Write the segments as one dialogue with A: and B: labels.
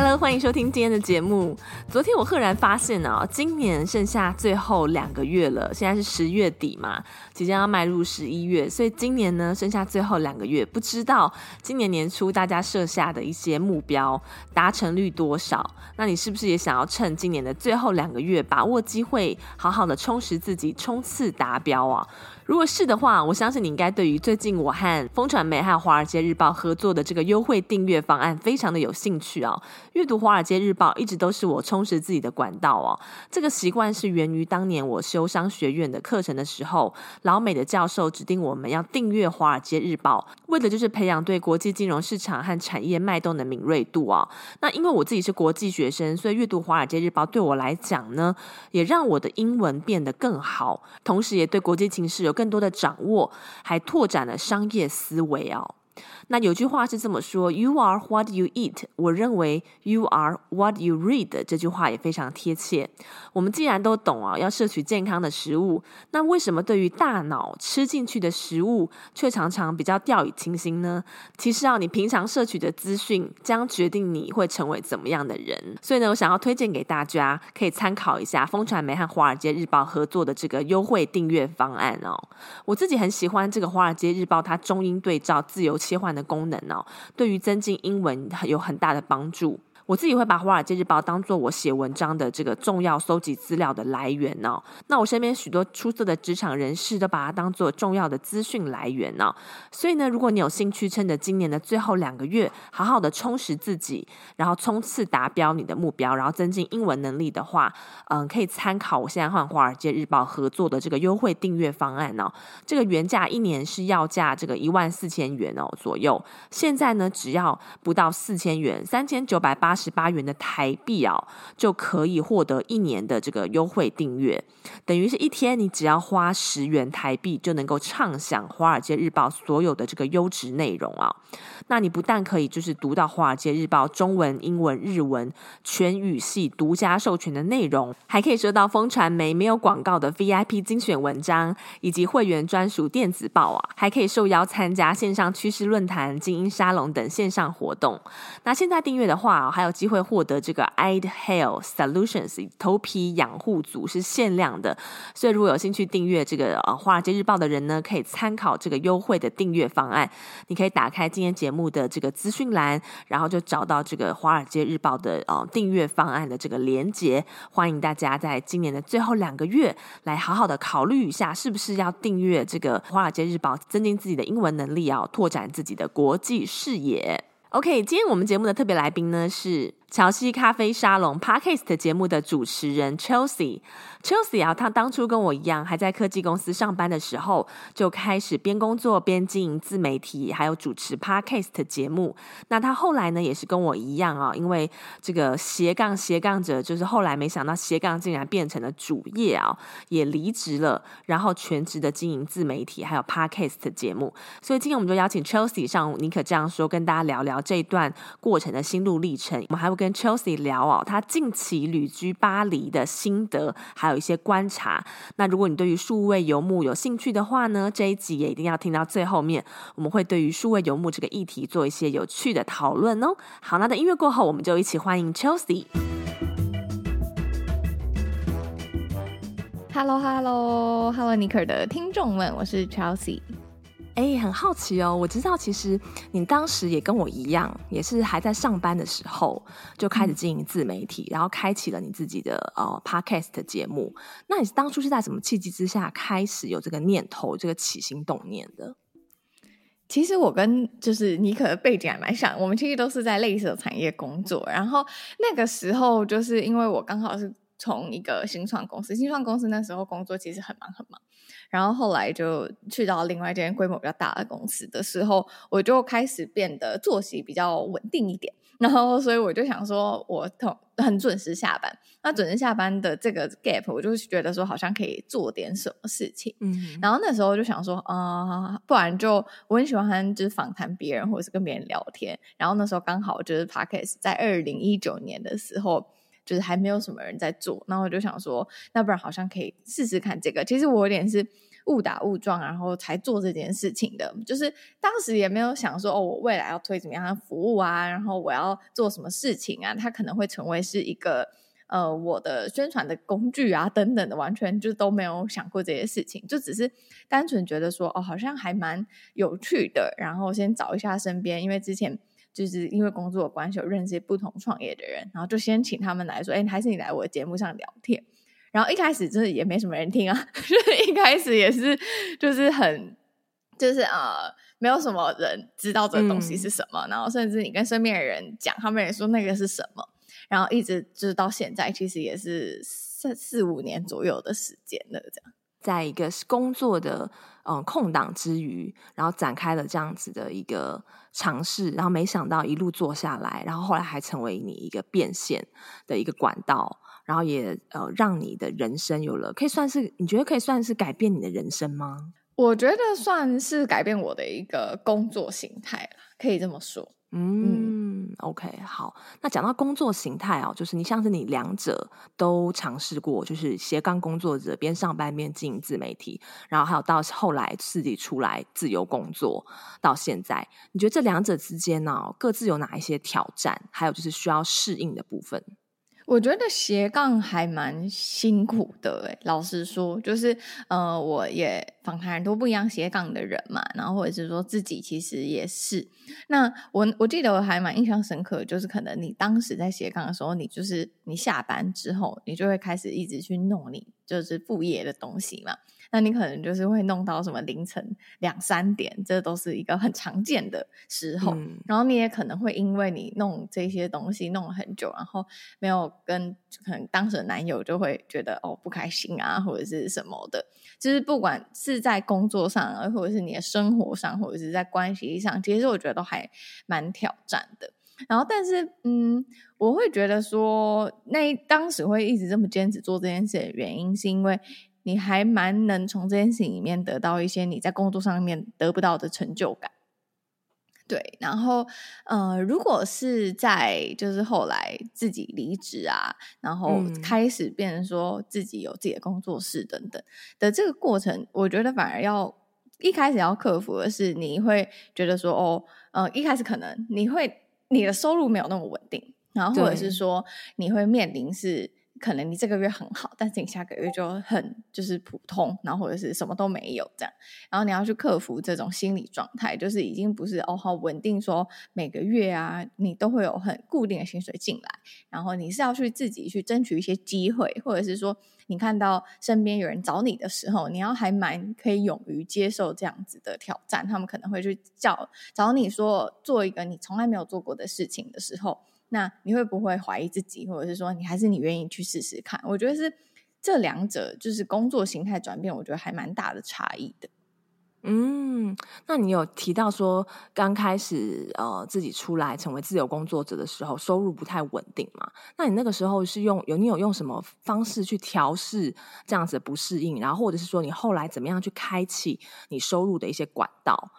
A: Hello，歡迎收聽今天的節目。昨天我赫然發現啊，今年剩下最後兩個月了，現在是十月底嘛。即將要邁入十一月，所以今年呢，剩下最後兩個月，不知道今年年初大家設下的一些目標達成率多少？那你是不是也想要趁今年的最後兩個月，把握機會，好好的充實自己，衝刺達標啊？如果是的話，我相信你應該對於最近我和風傳媒和華爾街日報合作的這個優惠訂閱方案非常的有興趣啊！閱讀華爾街日報一直都是我充實自己的管道哦、啊，這個習慣是源於當年我修商學院的課程的時候。老美的教授指定我們要訂閱《華爾街日報》，為的就是培養對國際金融市場和產業脈動的敏銳度啊、哦。那因為我自己是國際學生，所以閱讀《華爾街日報》對我來講呢，也讓我的英文變得更好，同時也對國際情勢有更多的掌握，還拓展了商業思維哦。那有句話是這麼說：“You are what you eat。”我認為 “You are what you read” 這句話也非常貼切。我們既然都懂啊、哦，要攝取健康的食物，那為什麼對於大腦吃進去的食物卻常常比較掉以輕心呢？其實啊，你平常攝取的資訊將決定你會成為怎麼樣的人。所以呢，我想要推薦給大家可以參考一下《風傳媒》和《華爾街日報》合作的這個優惠訂閱方案哦。我自己很喜歡這個《華爾街日報》，它中英對照，自由。切換的功能哦、喔，對於增進英文有很大的幫助。我自己會把《華爾街日報》當做我寫文章的這個重要搜集資料的來源哦。那我身邊許多出色的職場人士都把它當做重要的資訊來源哦。所以呢，如果你有興趣，趁着今年的最後兩個月，好好的充實自己，然後衝刺達標你的目標，然後增進英文能力的話，嗯，可以參考我現在和《華爾街日報》合作的這個優惠訂閱方案哦。這個原價一年是要價這個一萬四千元哦左右，現在呢只要不到四千元，三千九百八十八元的台幣啊，就可以獲得一年的這個優惠訂閱，等於是一天你只要花十元台幣就能夠暢享《華爾街日報》所有的這個優質內容啊。那你不但可以就是讀到《華爾街日報》中文、英文、日文全語系獨家授權的內容，還可以收到風傳媒沒有廣告的 VIP 精選文章，以及會員專屬電子報啊，還可以受邀參加線上趨勢論壇、精英沙龍等線上活動。那現在訂閱的話啊，還有機會獲得這個 I'd Hail Solutions 頭皮養護組是限量的，所以如果有興趣訂閱這個呃、啊，《華爾街日報》的人呢，可以參考這個優惠的訂閱方案。你可以打開今天節目的這個資訊欄，然後就找到這個《華爾街日報》的、啊、呃訂閱方案的這個連接。歡迎大家在今年的最後兩個月來好好的考慮一下，是不是要訂閱這個《華爾街日報》，增進自己的英文能力啊，要拓展自己的國際視野。OK，今天我們節目的特別來賓呢是喬西咖啡沙龍 Podcast 節目的主持人 Chelsea，Chelsea Chelsea 啊，他當初跟我一樣，還在科技公司上班的時候，就開始邊工作邊經營自媒體，還有主持 Podcast 節目。那他後來呢，也是跟我一樣啊，因為這個斜槓斜槓者，就是後來沒想到斜槓竟然變成了主業啊，也離職了，然後全職的經營自媒體還有 Podcast 節目。所以今天我們就邀請 Chelsea，上尼可這樣說，跟大家聊聊這段過程的心路歷程。我們還。跟 Chelsea 聊哦，他近期旅居巴黎的心得，還有一些觀察。那如果你對於數位游牧有興趣的話呢，這一集也一定要聽到最後面。我們會對於數位游牧這個議題做一些有趣的討論哦。好，那在音樂過後，我們就一起歡迎 Chelsea。Hello，Hello，Hello，尼可的聽眾們，我是 Chelsea。哎、欸，很好奇哦！我知道，其實你當時也跟我一樣，也是還在上班的時候就開始經營自媒體，然後開啟了你自己的呃 podcast 節目。那你當初是在什麼契機之下開始有這個念頭、這個起心動念的？
B: 其實我跟就是妮可的背景還蠻像，我們其實都是在類似的產業工作。然後那個時候，就是因為我剛好是從一個新創公司，新創公司那時候工作其實很忙很忙，然後後來就去到另外一間規模比較大的公司的時候，我就開始變得作息比較穩定一點。然後，所以我就想說，我很準時下班。那準時下班的這個 gap，我就覺得說好像可以做點什麼事情。嗯嗯，然後那時候就想說，啊、呃，不然就我很喜歡就是訪談別人，或者是跟別人聊天。然後那時候剛好就是 Podcast 在二零一九年的時候。就是還沒有什麼人在做，然後我就想說，那不然好像可以試試看這個。其實我有點是誤打誤撞，然後才做這件事情的。就是當時也沒有想說，哦，我未來要推怎麼樣的服務啊，然後我要做什麼事情啊，它可能會成為是一個呃我的宣傳的工具啊等等的，完全就都沒有想過這些事情，就只是單純覺得說，哦，好像還蠻有趣的，然後先找一下身邊，因為之前。就是因為工作關係，有認識不同創業的人，然後就先請他們來說，哎，還是你來我的節目上聊天。然後一開始就是也沒什麼人聽啊，就是、一開始也是，就是很，就是呃，沒有什麼人知道這個東西是什麼。嗯、然後甚至你跟身邊的人講，他們也說那個是什麼。然後一直就是到現在，其實也是三四，四
A: 五年左右的時間了，那個、這樣。在一個工作的嗯、呃、空檔之餘，然後展開了這樣子的一個嘗試，然後沒想到一路做下來，然後後來還成為你一個變現的一個管道，然後也呃讓你的人生有了，可以算是，你覺得可以算是改變你的人生嗎？
B: 我覺得算是改變我的一個工作形態了，可以這麼說，
A: 嗯。嗯嗯，OK，好。那講到工作形態哦，就是你像是你兩者都嘗試過，就是斜槓工作者，邊上班邊經營自媒體，然後還有到後來自己出來自由工作，到現在，你覺得這兩者之間呢、哦，各自有哪一些挑戰，還有就是需要適應的部分？
B: 我覺得斜槓還蠻辛苦的，欸，老實說，就是，呃，我也訪談人都不一樣，斜槓的人嘛，然後或者是說自己其實也是。那我我記得我還蠻印象深刻，就是可能你當時在斜槓的時候，你就是你下班之後，你就會開始一直去弄你就是副業的東西嘛。那你可能就是會弄到什麼凌晨兩三點，這都是一個很常見的時候。嗯、然後你也可能會因為你弄這些東西弄了很久，然後沒有跟可能當時的男友就會覺得哦不開心啊，或者是什麼的。就是不管是在工作上，或者是你的生活上，或者是在關係上，其實我覺得都還蠻挑戰的。然後，但是嗯，我會覺得說，那當時會一直這麼堅持做這件事的原因，是因為。你還蠻能從這件事情裡面得到一些你在工作上面得不到的成就感，對。然後，呃，如果是在就是後來自己離職啊，然後開始變成說自己有自己的工作室等等的這個過程，我覺得反而要一開始要克服的是，你會覺得說，哦，呃，一開始可能你會你的收入沒有那麼穩定，然後或者是說你會面臨是。可能你這個月很好，但是你下個月就很就是普通，然後或者是什麼都沒有這樣。然後你要去克服這種心理狀態，就是已經不是哦好穩定，說每個月啊你都會有很固定的薪水進來。然後你是要去自己去爭取一些機會，或者是說你看到身邊有人找你的時候，你要還蠻可以勇於接受這樣子的挑戰。他們可能會去叫，找你說做一個你從來沒有做過的事情的時候。那你會不會懷疑自己，或者是說你還是你願意去試試看？我覺得是這兩者就是工作形態轉變，我覺得還
A: 蠻大的差異的。嗯，那你有提到說剛開始呃自己出來成為自由工作者的時候，收入不太穩定嘛？那你那個時候是用有你有用什麼方式去調試這樣子的不適應，然後或者是說你後來怎麼樣去開啟你收入的一些管道？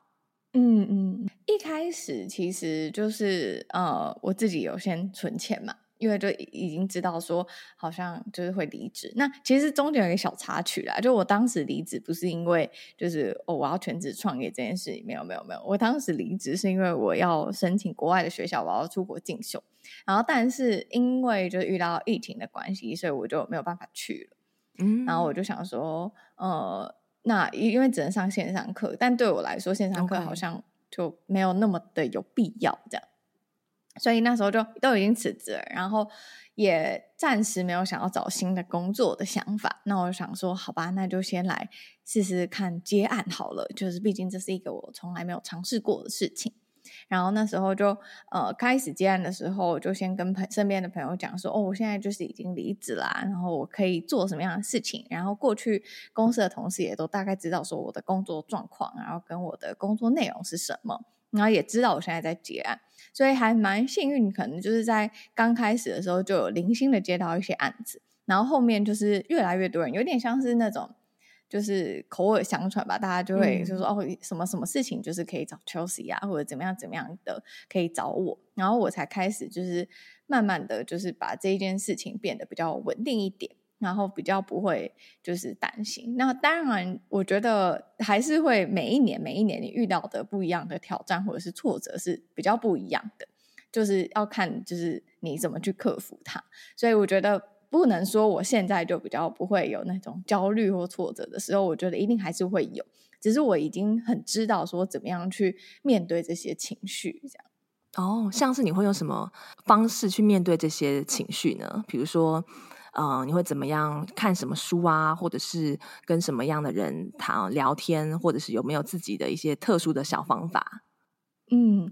B: 嗯嗯，一開始其實就是呃，我自己有先存錢嘛，因為就已經知道說好像就是會離職。那其實中間有一個小插曲啦，就我當時離職不是因為就是哦我要全職創業這件事，沒有沒有沒有，我當時離職是因為我要申請國外的學校，我要出國進修。然後，但是因為就是遇到疫情的關係，所以我就沒有辦法去了。嗯，然後我就想說，呃。那因為只能上線上課，但對我來說線上課好像就沒有那麼的有必要，這樣，okay. 所以那時候就都已經辭職了，然後也暫時沒有想要找新的工作的想法。那我想說，好吧，那就先來試試看接案好了，就是畢竟這是一個我從來沒有嘗試過的事情。然後那時候就呃開始接案的時候，就先跟朋身邊的朋友講說，哦，我現在就是已經離職啦，然後我可以做什麼樣的事情，然後過去公司的同事也都大概知道說我的工作狀況，然後跟我的工作內容是什麼，然後也知道我現在在接案，所以還蠻幸運，可能就是在剛開始的時候就有零星的接到一些案子，然後後面就是越來越多人，有點像是那種。就是口耳相傳吧，大家就會就是說、嗯、哦，什麼什麼事情就是可以找 Chelsea 啊，或者怎麼樣怎麼樣的可以找我，然後我才開始就是慢慢的就是把這一件事情變得比較穩定一點，然後比較不會就是擔心。那當然，我覺得還是會每一年每一年你遇到的不一樣的挑戰或者是挫折是比較不一樣的，就是要看就是你怎麼去克服它。所以我覺得。不能說我現在就比較不會有那種焦慮或挫折的時候，我覺得一定還是會有，只是我已經很知道說怎麼樣去面對這些情緒這樣。
A: 哦，像是你會用什麼方式去面對這些情緒呢？比如說，呃，你會怎麼樣看什麼書啊，或者是跟什麼樣的人聊天，或者是有沒有自己的一些特殊的小方法？嗯，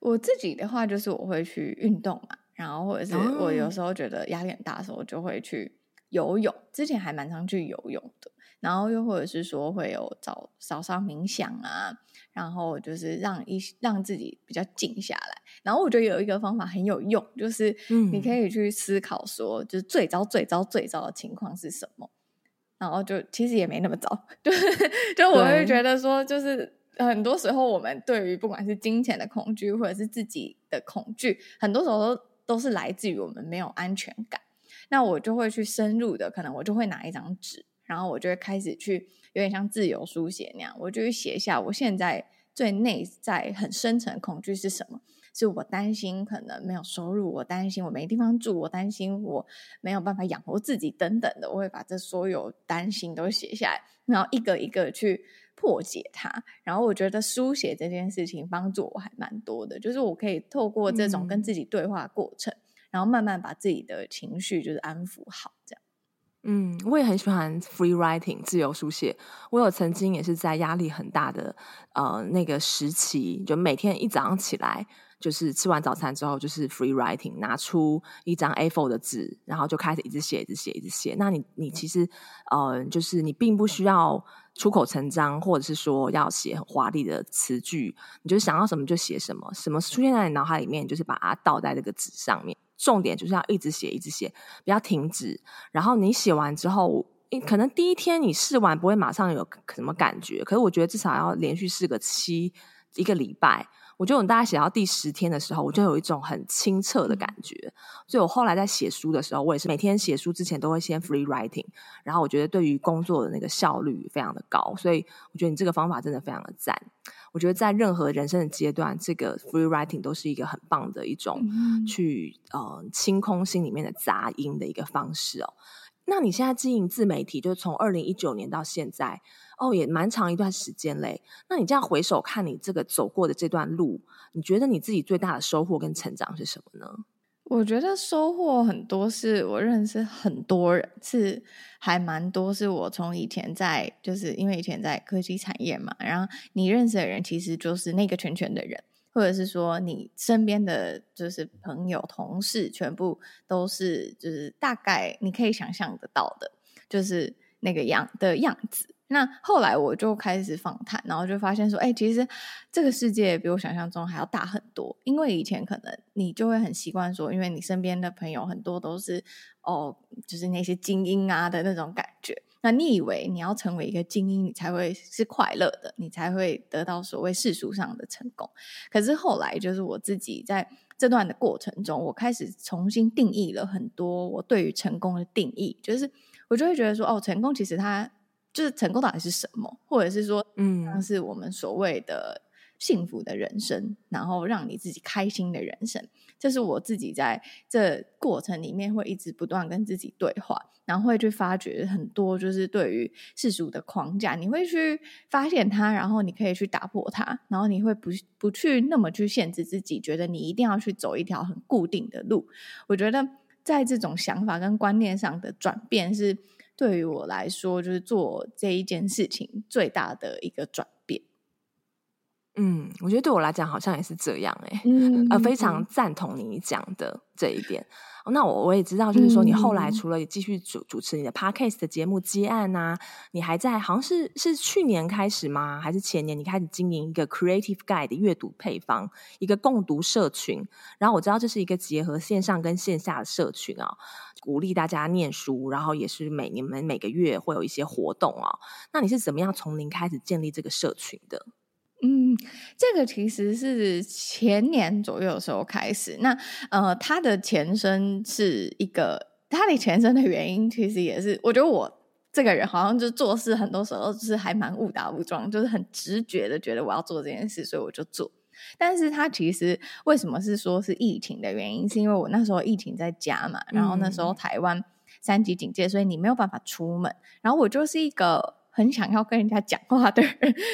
B: 我自己的話就是我會去運動嘛、啊。然後或者是我有時候覺得壓力很大的時候，我就會去游泳。Oh. 之前還蠻常去游泳的。然後又或者是說會有早早上冥想啊，然後就是讓一讓自己比較靜下來。然後我覺得有一個方法很有用，就是你可以去思考說，就是最糟最糟最糟的情況是什麼？然後就其實也沒那麼糟。就就我會覺得說，就是很多時候我們對於不管是金錢的恐懼，或者是自己的恐懼，很多時候都。都是來自於我們沒有安全感，那我就會去深入的，可能我就會拿一張紙，然後我就會開始去，有點像自由書寫那樣，我就會寫一下我現在最內在很深層恐懼是什麼。是我擔心可能沒有收入，我擔心我沒地方住，我擔心我沒有辦法養活自己等等的。我會把這所有擔心都寫下來，然後一個一個去破解它。然後我覺得書寫這件事情幫助我還蠻多的，就是我可以透過這種跟自己對話的過程，嗯，然後慢慢把自己的情緒就是安撫好。這樣，嗯，
A: 我也很喜歡 free writing，自由書寫。我有曾經也是在壓力很大的，呃，那個時期，就每天一早上起來，就是吃完早餐之後，就是 free writing，拿出一張 A4 的紙，然後就開始一直寫，一直寫，一直寫。那你你其實，呃，就是你並不需要出口成章，或者是說要寫華麗的詞句，你就想要什麼就寫什麼，什麼出現在你腦海裡面，就是把它倒在這個紙上面。重點就是要一直寫，一直寫，不要停止。然後你寫完之後，可能第一天你試完不會馬上有什麼感覺，可是我覺得至少要連續試個七一個禮拜。我覺得我大概寫到第十天的時候，我就有一種很清澈的感覺，所以我後來在寫書的時候，我也是每天寫書之前都會先 free writing，然後我覺得對於工作的那個效率非常的高，所以我覺得你這個方法真的非常的讚。我覺得在任何人生的階段，這個 free writing 都是一個很棒的一種去、嗯、呃清空心裡面的雜音的一個方式哦。那你現在經營自媒體，就從二零一九年到現在，哦，也蠻長一段時間嘞。那你這樣回首看你這個走過的這段路，你覺得你自己最大的收穫跟成長是什麼呢？
B: 我覺得收穫很多，是我認識很多人，是還蠻多。是我從以前在，就是因為以前在科技產業嘛，然後你認識的人其實就是那個圈圈的人。或者是說你身邊的就是朋友同事全部都是就是大概你可以想象得到的，就是那個樣的樣子。那後來我就開始訪談，然後就發現說，哎、欸，其實這個世界比我想象中還要大很多，因為以前可能你就會很習慣說，因為你身邊的朋友很多都是哦，就是那些精英啊的那種感覺。那你以為你要成為一個精英，你才會是快樂的，你才會得到所謂世俗上的成功。可是後來，就是我自己在這段的過程中，我開始重新定義了很多我對於成功的定義，就是我就會覺得說，哦，成功其實它就是成功到底是什麼，或者是說，嗯，是我們所謂的。幸福的人生，然後讓你自己開心的人生，這是我自己在這過程裡面會一直不斷跟自己對話，然後會去發掘很多就是對於世俗的框架，你會去發現它，然後你可以去打破它，然後你會不不去那麼去限制自己，覺得你一定要去走一條很固定的路。我覺得在這種想法跟觀念上的轉變，是對
A: 於我來說，就是做這一件事情最大的一個轉變。嗯，我覺得對我來講好像也是這樣誒、欸，嗯、呃，非常贊同你講的這一點。嗯、那我我也知道，就是說你後來除了繼續主主持你的 Podcast 的節目接案啊，你還在好像是是去年開始嗎？還是前年你開始經營一個 Creative Guide 的閱讀配方，一個共讀社群。然後我知道這是一個結合線上跟線下的社群啊、哦，鼓勵大家念書，然後也是每你們每個月會有一些活動啊、哦。那你是怎麼樣從零開始建立這個社群的？
B: 嗯，這個其實是前年左右的時候開始。那呃，他的前身是一個，他的前身的原因其實也是，我覺得我這個人好像就做事很多時候就是還蠻誤打誤撞，就是很直覺的覺得我要做這件事，所以我就做。但是他其實為什麼是說是疫情的原因，是因為我那時候疫情在家嘛，然後那時候台灣三級警戒，所以你沒有辦法出門。然後我就是一個。很想要跟人家講話的人，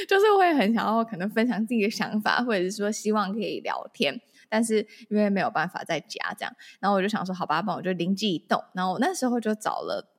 B: 就是會很想要可能分享自己的想法，或者是說希望可以聊天，但是因為沒有辦法在家這樣，然後我就想說好吧，那我就靈機一動，然後我那時候就找了。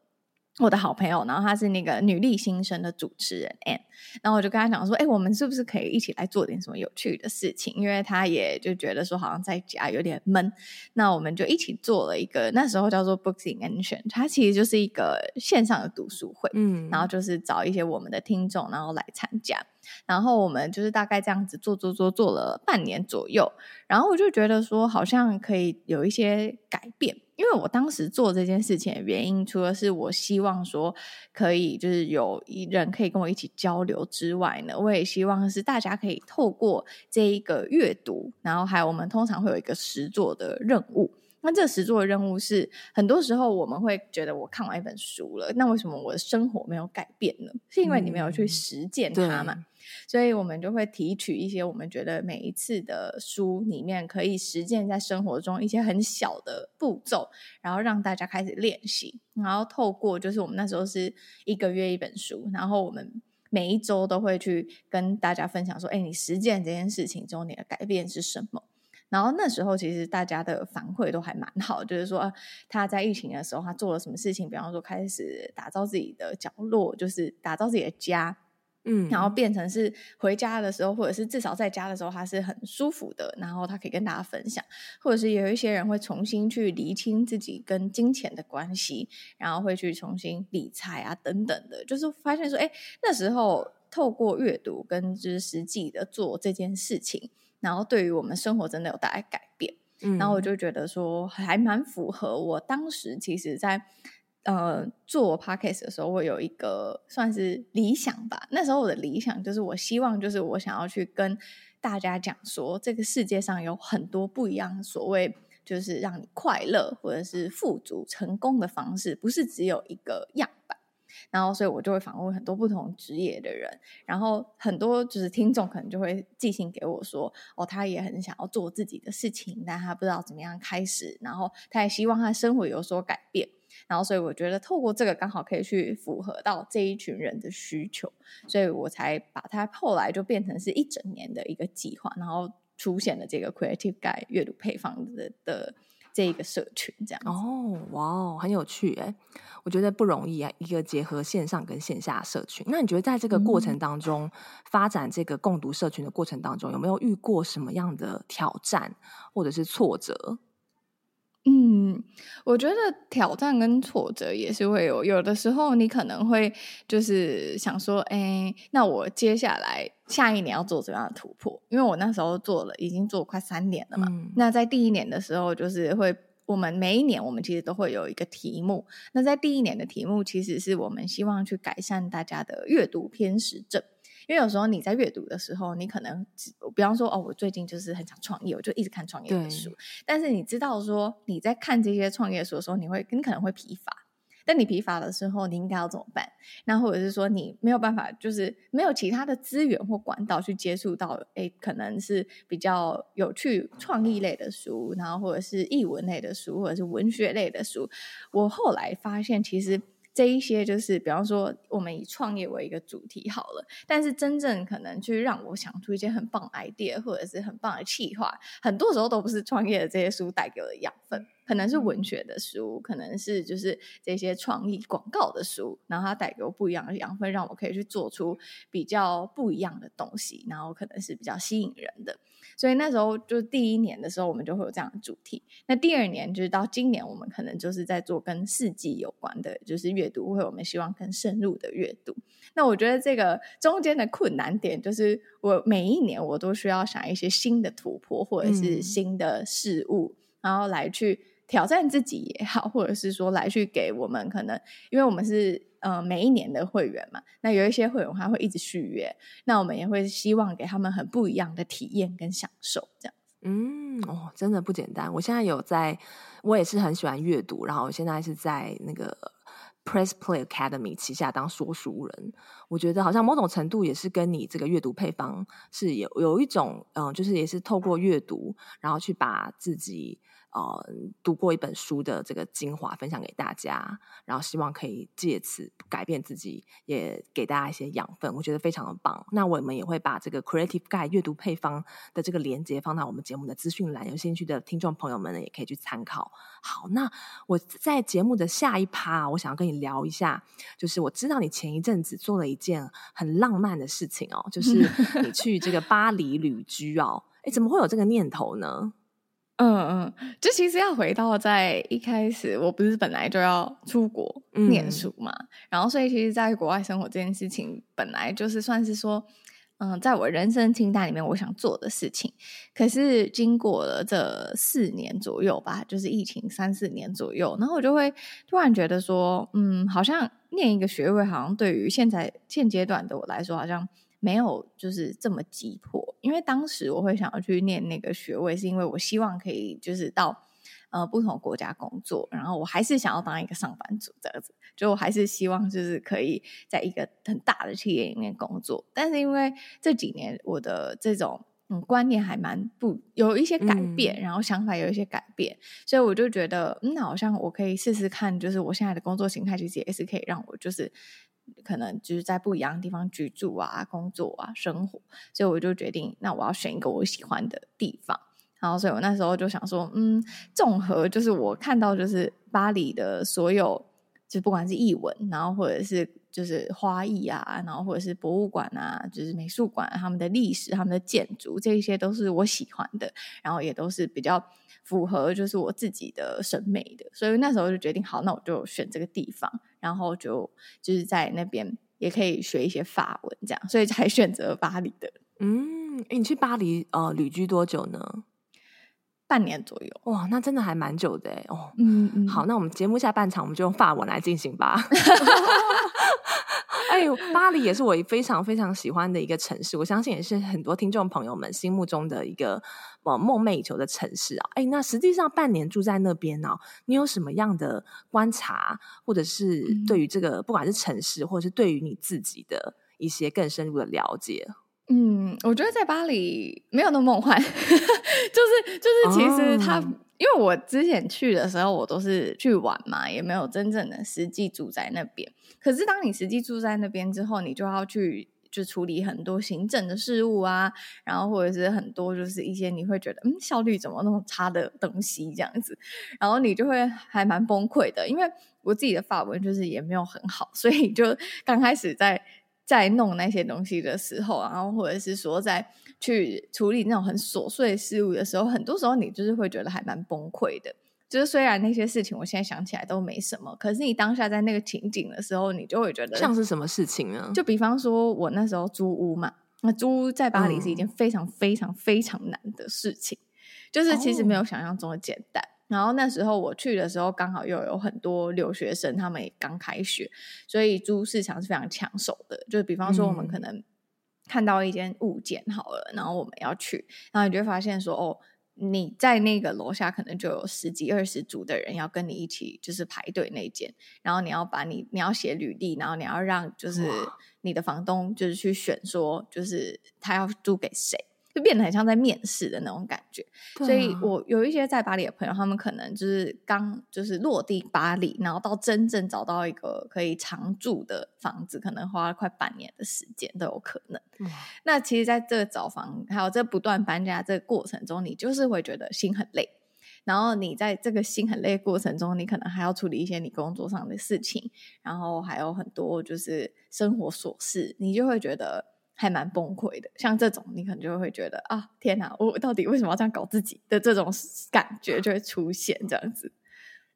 B: 我的好朋友，然後他是那個女力新生的主持人 Ann，然後我就跟他講說，哎、欸，我們是不是可以一起來做點什麼有趣的事情？因為他也就覺得說，好像在家有點悶，那我們就一起做了一個，那時候叫做 Books in Ancient，它其實就是一個線上的讀書會，嗯，然後就是找一些我們的聽眾，然後來參加。然後我們就是大概這樣子做做做做了，半年左右，然後我就覺得說好像可以有一些改變，因為我當時做這件事情的原因，除了是我希望說可以就是有人可以跟我一起交流之外呢，我也希望是大家可以透過這一個閱讀，然後還有我們通常會有一個實作的任務。那這時做的任務是，很多時候我們會覺得，我看完一本書了，那為什麼我的生活沒有改變呢？是因為你沒有去實踐它嘛、嗯？所以我們就會提取一些我們覺得每一次的書裡面可以實踐在生活中一些很小的步驟，然後讓大家開始練習，然後透過就是我們那時候是一個月一本書，然後我們每一周都會去跟大家分享說：“哎、欸，你實踐這件事情中你的改變是什麼？”然後那時候，其實大家的反饋都還蠻好，就是說他在疫情的時候，他做了什麼事情，比方說，開始打造自己的角落，就是打造自己的家，嗯，然後變成是回家的時候，或者是至少在家的時候，他是很舒服的。然後他可以跟大家分享，或者是有一些人會重新去釐清自己跟金錢的關係，然後會去重新理財啊等等的，就是發現說，哎，那時候透過閱讀跟就是實際的做這件事情。然後對於我們生活真的有帶來改變，嗯，然後我就覺得說還蠻符合我當時其實在，在呃做我 Podcast 的時候，我有一個算是理想吧。那時候我的理想就是，我希望就是我想要去跟大家講說，這個世界上有很多不一樣，所謂就是讓你快樂或者是富足、成功的方式，不是只有一個樣。然後，所以我就會訪問很多不同職業的人，然後很多就是聽眾可能就會寄信給我說，哦，他也很想要做自己的事情，但他不知道怎麼樣開始，然後他也希望他生活有所改變，然後所以我覺得透過這個剛好可以去符合到這一群人的需求，所以我才把他後來就變成是一整年的一個計劃，然後出現了這個 Creative Guide 閱讀配方的、的。
A: 這一個社群這樣哦，哇，oh, wow，很有趣誒，我覺得不容易啊，一個結合線上跟線下的社群。那你覺得在這個過程當中，嗯，發展這個共讀社群的過程當中，有沒有遇過什麼樣的挑戰或者是挫折？
B: 嗯，我覺得挑戰跟挫折也是會有。有的時候，你可能會就是想說，哎、欸，那我接下來下一年要做怎樣的突破？因為我那時候做了，已經做快三年了嘛。嗯、那在第一年的時候，就是會，我們每一年我們其實都會有一個題目。那在第一年的題目，其實是我們希望去改善大家的閱讀偏食症。因為有時候你在閱讀的時候，你可能比方說哦，我最近就是很想創業，我就一直看創業的書。但是你知道說你在看這些創業書的時候，你會你可能會疲乏。但你疲乏的時候，你應該要怎麼辦？那或者是說你沒有辦法，就是沒有其他的資源或管道去接觸到，哎，可能是比較有趣創意類的書，然後或者是藝文類的書，或者是文學類的書。我後來發現，其實。這一些就是，比方說，我們以創業為一個主題好了。但是，真正可能去讓我想出一些很棒的 idea 或者是很棒的企劃，很多時候都不是創業的這些書帶給我的養分，可能是文學的書，可能是就是這些創意廣告的書，然後它帶給我不一樣的養分，讓我可以去做出比較不一樣的東西，然後可能是比較吸引人的。所以那時候就是第一年的時候，我們就會有這樣的主題。那第二年就是到今年，我們可能就是在做跟四季有關的，就是閱讀會，我們希望更深入的閱讀。那我覺得這個中間的困難點就是，我每一年我都需要想一些新的突破或者是新的事物，嗯，然後來去。挑戰自己也好，或者是說來去給我們可能，因為我們是呃每一年的會員嘛，那有一些會員他會一直續約，那我們也會希望給他們
A: 很不一樣的體驗跟享受這樣子。嗯，哦，真的不簡單。我現在有在，我也是很喜歡閱讀，然後我現在是在那個 Press Play Academy 旗下當說書人。我覺得好像某種程度也是跟你這個閱讀配方是有有一種嗯、呃，就是也是透過閱讀，然後去把自己。呃，讀過一本書的這個精華分享給大家，然後希望可以借此改變自己，也給大家一些養分，我覺得非常的棒。那我們也會把這個 Creative Guide 閱讀配方的這個連結放到我們節目的資訊欄，有興趣的聽眾朋友們呢，也可以去參考。好，那我在節目的下一趴啊，我想要跟你聊一下，就是我知道你前一陣子做了一件很浪漫的事情哦，就是你去這個巴黎旅居哦。 誒，怎麼會有這個念頭呢？嗯嗯，就其實要
B: 回到在一開始，我不是本來就要出國念書嘛，嗯、然後所以其實，在國外生活這件事情本來就是算是說，嗯，在我人生清單裡面，我想做的事情。可是經過了這四年左右吧，就是疫情三四年左右，然後我就會突然覺得說，嗯，好像念一個學位，好像對於現在現階段的我來說，好像沒有就是這麼急迫。因為當時我會想要去念那個學位，是因為我希望可以就是到呃不同國家工作，然後我還是想要當一個上班族這樣子，就我還是希望就是可以在一個很大的企業裡面工作。但是因為這幾年我的這種，嗯，觀念還蠻不有一些改變、嗯，然後想法有一些改變，所以我就覺得那，嗯，好像我可以試試看，就是我現在的工作形態其實也是可以讓我就是。可能就是在不一樣的地方居住啊、工作啊、生活，所以我就決定，那我要選一個我喜歡的地方。然後，所以我那時候就想說，嗯，綜合就是我看到就是巴黎的所有，就不管是藝文，然後或者是就是花藝啊，然後或者是博物館啊，就是美術館啊，他們的歷史、他們的建築，這一些都是我喜歡的，然後也都是比較符合就是我自己的審美的。所以那時候就決定，好，那我就選這個地方。然後就就是在那邊也可以學一些法文，這樣，所以才選擇巴黎的。
A: 嗯，你去巴黎，呃，旅居多久呢？半年左右。哇，那真的還蠻久的哦，嗯，嗯，好，那我們節目下半場我們就用法文來進行吧。 哎，巴黎也是我非常非常喜歡的一個城市，我相信也是很多聽眾朋友們心目中的一個夢寐以求的城市啊。哎，那實際上半年住在那邊呢，啊，你有什麼樣的觀察，或者是對於這個不管是城市，或者是對於你自己的一些更深入的了解？
B: 嗯，我覺得在巴黎沒有那麼夢幻， 就是就是其實他。哦。因為我之前去的時候，我都是去玩嘛，也沒有真正的實際住在那邊。可是當你實際住在那邊之後，你就要去就處理很多行政的事務啊，然後或者是很多就是一些你會覺得嗯，效率怎麼那麼差的東西這樣子，然後你就會還蠻崩潰的。因為我自己的法文就是也沒有很好，所以就剛開始在在弄那些東西的時候，然後或者是說在。去處理那種很瑣碎的事物的時候，很多時候你就是會覺得還蠻崩潰的。就是雖然那些事情我現在想起來都沒什麼，可是你當下在那個情景的時候，你就會覺得像是什麼事情啊？就比方說，我那時候租屋嘛，那租屋在巴黎是一件非常非常非常非常難的事情，嗯，就是其實沒有想象中的簡單，哦。然後那時候我去的時候，剛好又有很多留學生，他們也剛開學，所以租市場是非常搶手的。就是比方說，我們可能，嗯。看到一間物件好了，然後我們要去，然後你就會發現說，哦，你在那個樓下可能就有十幾二十組的人要跟你一起就是排隊那間，然後你要把你，你要寫履歷，然後你要讓就是你的房東就是去選說，就是他要租給誰。就變得很像在面試的那種感覺，啊，所以我有一些在巴黎的朋友，他們可能就是剛就是落地巴黎，然後到真正找到一個可以常住的房子，可能花了快半年的時間都有可能。嗯、那其實，在這個找房還有在不斷搬家這個過程中，你就是會覺得心很累。然後你在這個心很累的過程中，你可能還要處理一些你工作上的事情，然後還有很多就是生活瑣事，你就會覺得。還蠻崩潰的，像這種你可能就會覺得啊，天哪，我到底為什麼要這樣搞自己的這種感覺就會出現這樣子。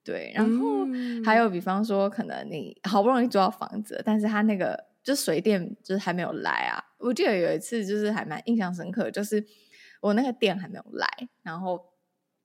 B: 對，然後、嗯、還有比方說，可能你好不容易租到房子，但是他那個就水電就是還沒有來啊。我記得有一次就是還蠻印象深刻，就是我那個電還沒有來，然後。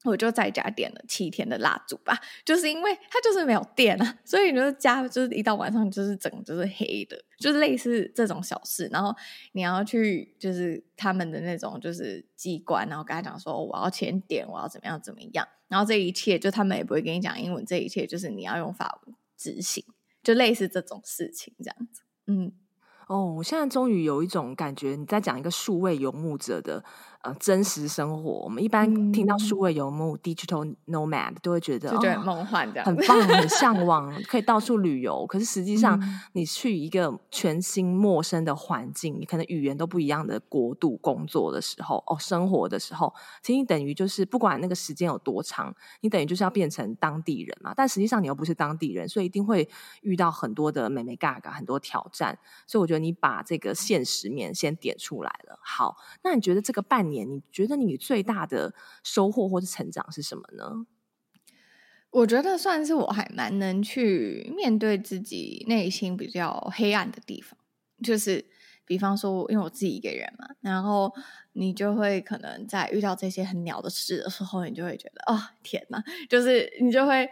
B: 我就在家點了七天的蠟燭吧，就是因為它就是沒有電啊，所以你就家就是一到晚上就是整個就是黑的，就是類似這種小事。然後你要去就是他們的那種就是機關，然後跟他講說、哦、我要錢點，我要怎麼樣怎麼樣。然後這一切就他們也不會跟你講英文，這一切就是你要用法文執行，就類似這種事情
A: 這樣子。嗯，哦，我現在終於有一種感覺，你在講一個數位游牧者的。呃，真實生活，我們一般聽到“數位游牧 ”（digital nomad） 都會覺得，就覺得很夢
B: 幻的，哦，很棒，很嚮
A: 往， 可以到處旅遊。可是實際上，你去一個全新陌生的環境，你可能語言都不一樣的國度工作的時候，哦，生活的時候，其實你等於就是不管那個時間有多長，你等於就是要變成當地人嘛。但實際上，你又不是當地人，所以一定會遇到很多的眉眉角角，很多挑戰。所以我覺得你把這個現實面先點出來了。好，那你覺得這個半年？你覺得你最大的收穫或是成長是什麼呢？我覺得算是我還蠻能去面對自己內心比較
B: 黑暗的地方，就是比方說，因為我自己一個人嘛，然後你就會可能在遇到這些很鳥的事的時候，你就會覺得啊，哦，天哪，就是你就會。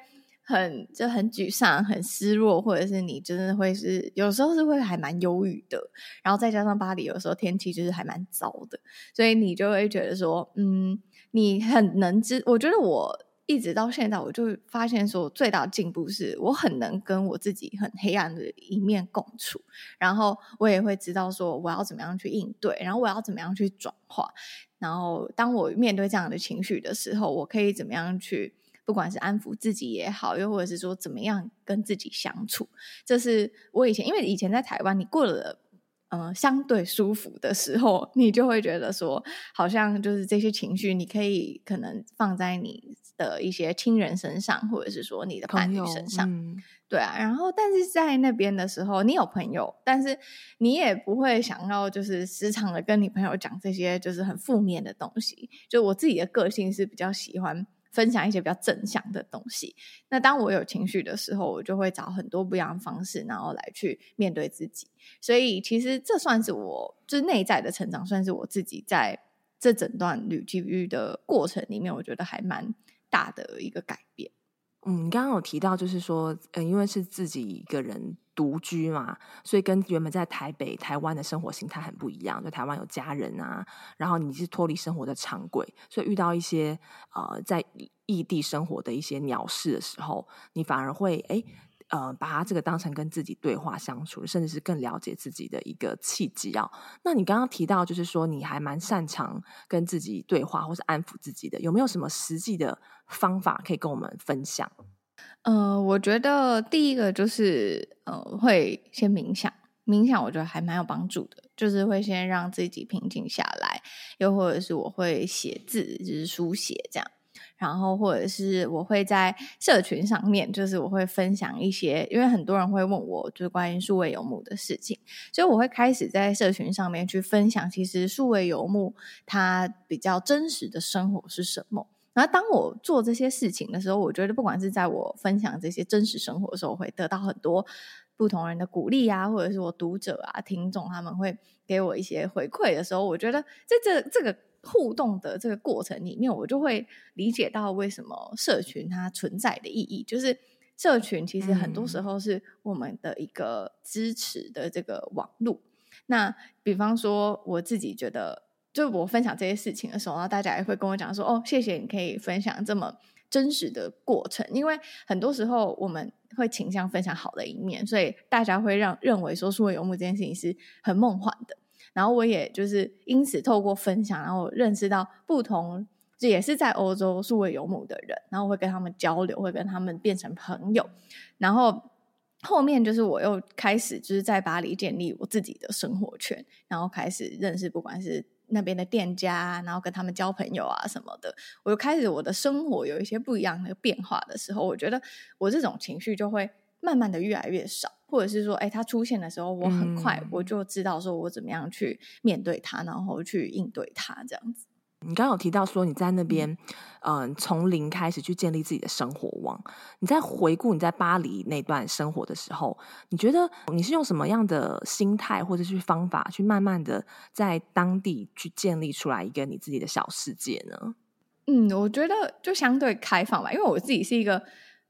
B: 很就很沮喪，很失落，或者是你真的會是有時候是會還蠻憂鬱的，然後再加上巴黎有時候天氣就是還蠻糟的，所以你就會覺得說，嗯，你很能知。我覺得我一直到現在，我就發現說最大的進步是，我很能跟我自己很黑暗的一面共處，然後我也會知道說我要怎麼樣去應對，然後我要怎麼樣去轉化，然後當我面對這樣的情緒的時候，我可以怎麼樣去。不管是安撫自己也好，又或者是說怎麼樣跟自己相處，這是我以前，因為以前在台灣，你過得嗯、呃、相對舒服的時候，你就會覺得說，好像就是這些情緒，你可以可能放在你的一些親人身上，或者是說你的伴侶身上，嗯，對啊。然後，但是在那邊的時候，你有朋友，但是你也不會想要就是時常的跟你朋友講這些就是很負面的東西。就我自己的個性是比較喜歡。分享一些比較正向的東西。那當我有情緒的時候，我就會找很多不一樣的方式，然後來去面對自己。所以其實這算是我就是內在的成長，算是我自己在這整段旅居的過程裡面，我覺得還蠻大的一個改變。
A: 嗯，剛剛有提到就是說，嗯，因為是自己一個人。獨居嘛，所以跟原本在台北、台灣的生活形態很不一樣。就台灣有家人啊，然後你是脫離生活的常軌，所以遇到一些呃在異地生活的一些鳥事的時候，你反而會哎、欸、呃，把它這個當成跟自己對話相處，甚至是更了解自己的一個契機啊。那你剛剛提到，就是說你還蠻擅長跟自己對話或是安撫自己的，有沒有什麼實際的方法可以跟我們分享？
B: 呃，我覺得第一個就是呃，會先冥想。冥想我覺得還蠻有幫助的，就是會先讓自己平靜下來。又或者是我會寫字，就是書寫這樣。然後或者是我會在社群上面，就是我會分享一些，因為很多人會問我，就是關於數位游牧的事情，所以我會開始在社群上面去分享，其實數位游牧它比較真實的生活是什麼。然後，當我做這些事情的時候，我覺得不管是在我分享這些真實生活的時候，會得到很多不同人的鼓勵啊，或者是我讀者啊、聽眾，他們會給我一些回饋的時候，我覺得在這這個互動的這個過程裡面，我就會理解到為什麼社群它存在的意義，就是社群其實很多時候是我們的一個支持的這個網路。嗯。那比方說，我自己覺得。就我分享這些事情的時候，然後大家也會跟我講說：“哦，謝謝，你可以分享這麼真實的過程。”因為很多時候我們會傾向分享好的一面，所以大家會讓認為說數位遊牧這件事情是很夢幻的。然後我也就是因此透過分享，然後認識到不同，也是在歐洲數位遊牧的人，然後會跟他們交流，會跟他們變成朋友。然後後面就是我又開始就是在巴黎建立我自己的生活圈，然後開始認識不管是。那邊的店家，然後跟他們交朋友啊什麼的，我就開始我的生活有一些不一樣的變化的時候，我覺得我這種情緒就會慢慢的越來越少，或者是說，欸，他出現的時候，我很快我就知道說我怎麼樣去面對他，然後去應對他
A: 這樣子。你剛，剛有提到說你在那邊，嗯、呃，從零開始去建立自己的生活網。你在回顧你在巴黎那段生活的時候，你覺得你是用什麼樣的心態或者是方法去慢慢的在當地去建立出來一個你自己的小世界呢？嗯，
B: 我覺得就相對開放吧，因為我自己是一個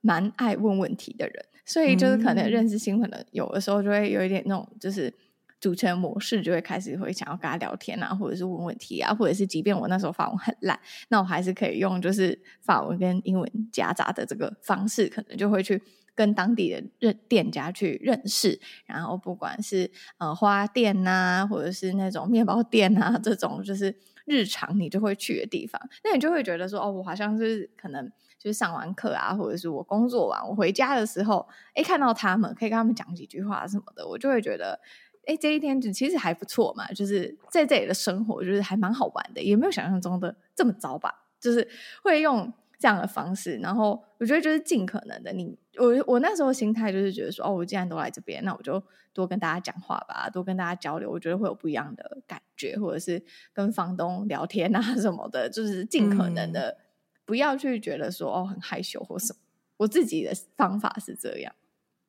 B: 蠻愛問問題的人，所以就是可能認識新朋友
A: 有的時候就會有一
B: 點那種就是。組成模式就會開始會想要跟他聊天啊，或者是問問題啊，或者是即便我那時候法文很爛，那我還是可以用就是法文跟英文夾雜的這個方式，可能就會去跟當地的認，店家去認識。然後不管是，呃，花店吶啊，或者是那種麵包店啊，這種就是日常你就會去的地方，那你就會覺得說哦，我好像就是可能就是上完課啊，或者是我工作完我回家的時候，欸，看到他們可以跟他們講幾句話什麼的，我就會覺得。哎，這一天就其實還不錯嘛，就是在這裡的生活，就是還蠻好玩的，也沒有想象中的這麼糟吧。就是會用這樣的方式，然後我覺得就是儘可能的你，你我我那時候心態就是覺得說，哦，我既然都來這邊，那我就多跟大家講話吧，多跟大家交流，我覺得會有不一樣的感覺，或者是跟房東聊天啊什麼的，就是儘可能的、嗯、不要去覺得說哦很害羞或什麼。
A: 我自己的方法是這樣。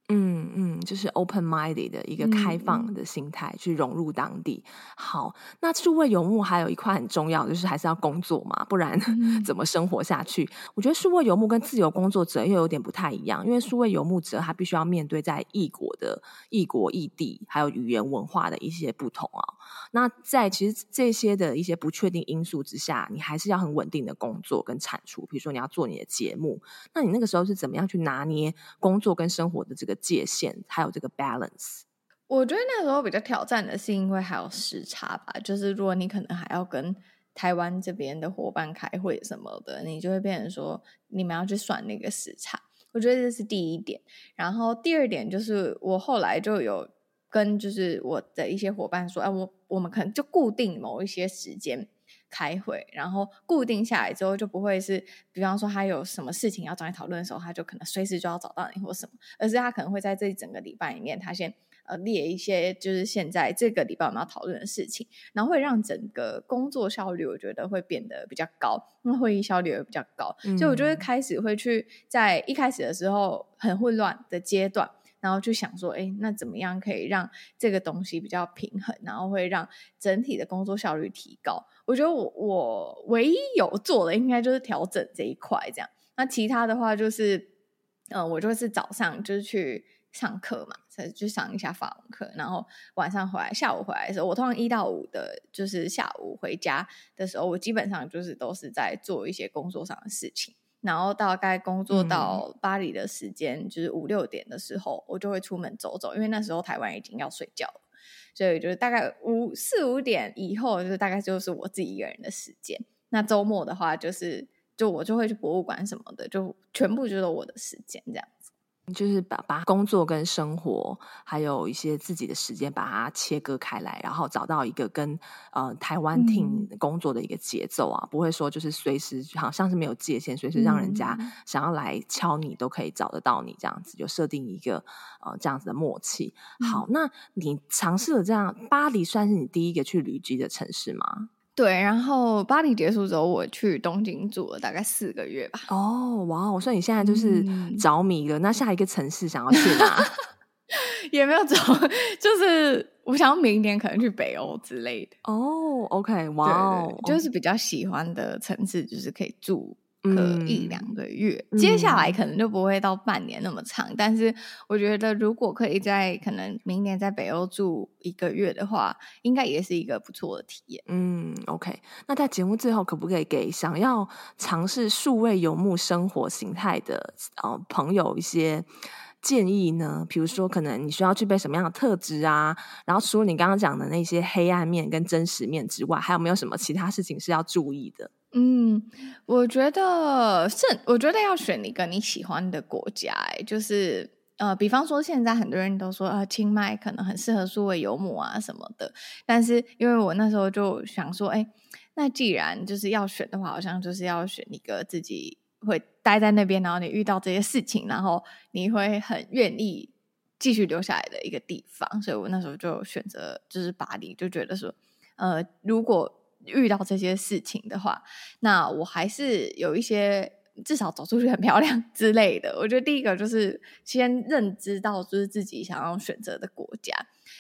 A: 嗯嗯，就是 open-minded 的一個開放的心態、嗯、去融入當地。好，那數位游牧還有一塊很重要，就是還是要工作嘛，不然怎麼生活下去？嗯、我覺得數位游牧跟自由工作者又有點不太一樣，因為數位游牧者他必須要面對在異國的異國異地，還有語言文化的一些不同啊、哦。那在其實這些的一些不確定因素之下，你還是要很穩定的工作跟產出。比如說你要做你的節目，那你那個時候是怎麼樣去拿捏工作跟生活的這個？界限，還有這個 balance。
B: 我覺得那時候比較挑戰的是因為還有時差吧，就是如果你可能還要跟台灣這邊的夥伴開會什麼的，你就會變成說你們要去算那個時差。我覺得這是第一點，然後第二點就是我後來就有跟就是我的一些夥伴說，啊，我我們可能就固定某一些時間。開會，然後固定下來之後，就不會是，比方說他有什麼事情要找你討論的時候，他就可能隨時就要找到你或什麼，而是他可能會在這整個禮拜裡面，他先、呃、列一些，就是現在這個禮拜我們要討論的事情，然後會讓整個工作效率我覺得會變得比較高，那會議效率也比較高，所、嗯、以我覺得開始會去在一開始的時候很混亂的階段，然後就想說，哎，那怎麼樣可以讓這個東西比較平衡，然後會讓整體的工作效率提高？我覺得我我唯一有做的應該就是調整這一塊，這樣。那其他的話就是，嗯、呃，我就是早上就是去上課嘛，就去上一下法文課，然後晚上回來，下午回來的時候，我通常一到五的，就是下午回家的時候，我基本上就是都是在做一些工作上的事情。然後大概工作到巴黎的時間、嗯、就是五六點的時候，我就會出門走走，因為那時候台灣已經要睡覺了，所以就是大概五四五點以後，就是大概就是我自己一個人的時間。那周末的話，就是就我就會去博物館什麼的，就全部就是
A: 我的時間這樣子。就是把把工作跟生活，還有一些自己的時間，把它切割開來，然後找到一個跟呃台灣 team 工作的一個節奏啊、嗯，不會說就是隨時好像是沒有界限，隨時讓人家想要來敲你都可以找得到你這樣子，就設定一個呃這樣子的默契。好，嗯、那你嘗試了這樣，巴黎算是你第一個去旅居的城市嗎？
B: 對，然後
A: 巴黎結束之後，我去東京住了大概四個月吧。哦，哇！所以你現在就是着迷了、嗯，那下一個城市想要去哪？ 也沒有走，
B: 就是我想要明年可能去北歐之類的。哦、oh，OK，哇、wow，就是比較喜歡的城市，就是可以住。可能一兩個月、嗯，接下來可能就不會到半年那麼長。嗯、但是我覺得，如果可以在可能明年在北
A: 歐住一個月的話，應該也是一個不錯的體驗。嗯，OK。那在節目最後，可不可以給想要嘗試數位游牧生活形態的呃朋友一些建議呢？比如說，可能你需要具備什麼樣的特質啊？然後，除了你剛剛講的那些黑暗面跟真實面之外，還有沒有什麼其他事情是要注意的？
B: 嗯。我覺得是，我覺得要選一個你喜歡的國家，欸，就是呃，比方說現在很多人都說啊，清邁可能很適合數位游牧啊什麼的，但是因為我那時候就想說，哎，欸，那既然就是要選的話，好像就是要選一個自己會待在那邊，然後你遇到這些事情，然後你會很願意繼續留下來的一個地方，所以我那時候就選擇就是巴黎，就覺得說，呃，如果。遇到這些事情的話，那我還是有一些至少走出去很漂亮之類的。我覺得第一個就是先認知到，就是自己想要選擇的國家。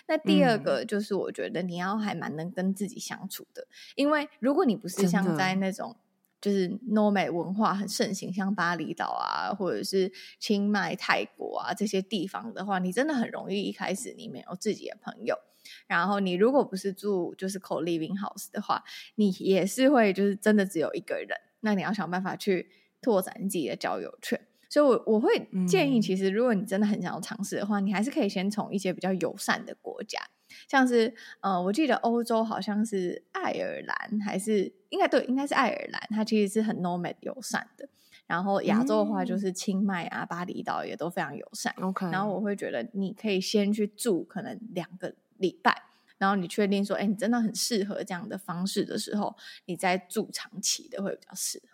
B: 那第二個就是，我覺得你要還蠻能跟自己相處的，嗯、因為如果你不是像在那種就是 Nomad 文化很盛行，像巴厘島啊，或者是清邁、泰國啊這些地方的話，你真的很容易一開始你沒有自己的朋友。然後你如果不是住就是 co-living house 的話，你也是會就是真的只有一個人。那你要想辦法去拓展自己的交友圈。所以我，我我會建議，其實如果你真的很想要嘗試的話，嗯，你還是可以先從一些比較友善的國家，像是呃，我記得歐洲好像是愛爾蘭，還是應該對，應該是愛爾蘭，它其實是很 nomad 友善的。然後亞洲的話，就是清邁啊、嗯、巴厘島也都非常友善。OK。然後我會覺得你可以先去住，可能兩個。禮拜，然後你確定說，哎，你真的很適合這樣的方式的時候，你再
A: 住長期的會比較適合。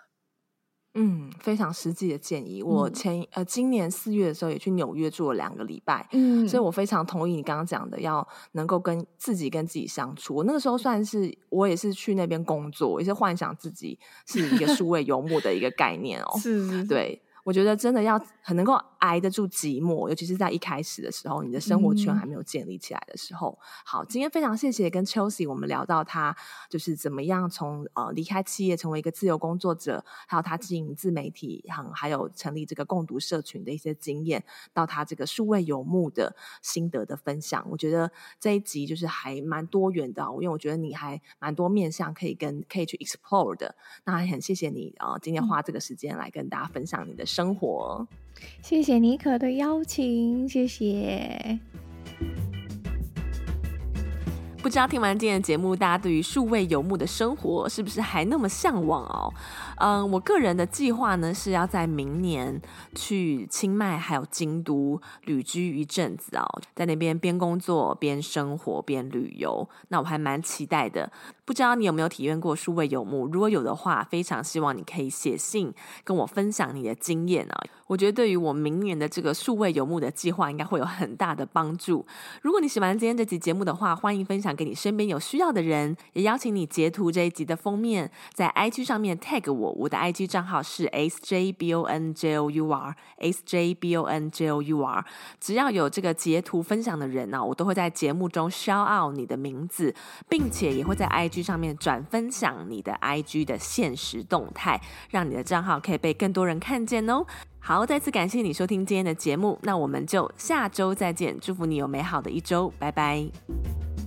A: 嗯，非常實際的建議。我前呃，今年四月的時候也去紐約住了兩個禮拜，嗯，所以我非常同意你剛剛講的，要能夠跟自己跟自己相處。我那個時候算是我也是去那邊工作，也是幻想自己是一個數位游牧的一個概念哦， 是，對。我覺得真的要很能夠挨得住寂寞，尤其是在一開始的時候，你的生活圈還沒有建立起來的時候。嗯、好，今天非常謝謝跟 Chelsea 我們聊到他就是怎麼樣從呃離開企業成為一個自由工作者，還有他經營自媒體，還有成立這個共讀社群的一些經驗，到他這個數位游牧的心得的分享。我覺得這一集就是還蠻多元的，因為我覺得你還蠻多面向可以跟可以去 explore 的。那還很謝謝你啊、呃，今天花這個時間來跟大家分享你的事。嗯生活，
B: 謝謝妮可的邀請，謝謝。
A: 不知道聽完今天的節目，大家對於數位遊牧的生活是不是還那麼向往哦？嗯，我個人的計劃呢是要在明年去清邁還有京都旅居一陣子哦，在那邊邊工作邊生活邊旅遊，那我還蠻期待的。不知道你有沒有體驗過數位遊牧？如果有的話，非常希望你可以寫信跟我分享你的經驗啊，哦！我覺得對於我明年的這個數位遊牧的計劃，應該會有很大的幫助。如果你喜歡今天這集節目的話，歡迎分享給你身邊有需要的人，也邀請你截圖這一集的封面，在 IG 上面 tag 我，我的 IG 賬號是 s j b o n j o u r s j b o n j o u r。只要有這個截圖分享的人呢、啊，我都會在節目中 shout out 你的名字，並且也會在 IG 上面轉分享你的 IG 的限時動態，讓你的賬號可以被更多人看見哦。好，再次感謝你收聽今天的節目，那我們就下周再見，祝福你有美好的一周，拜拜。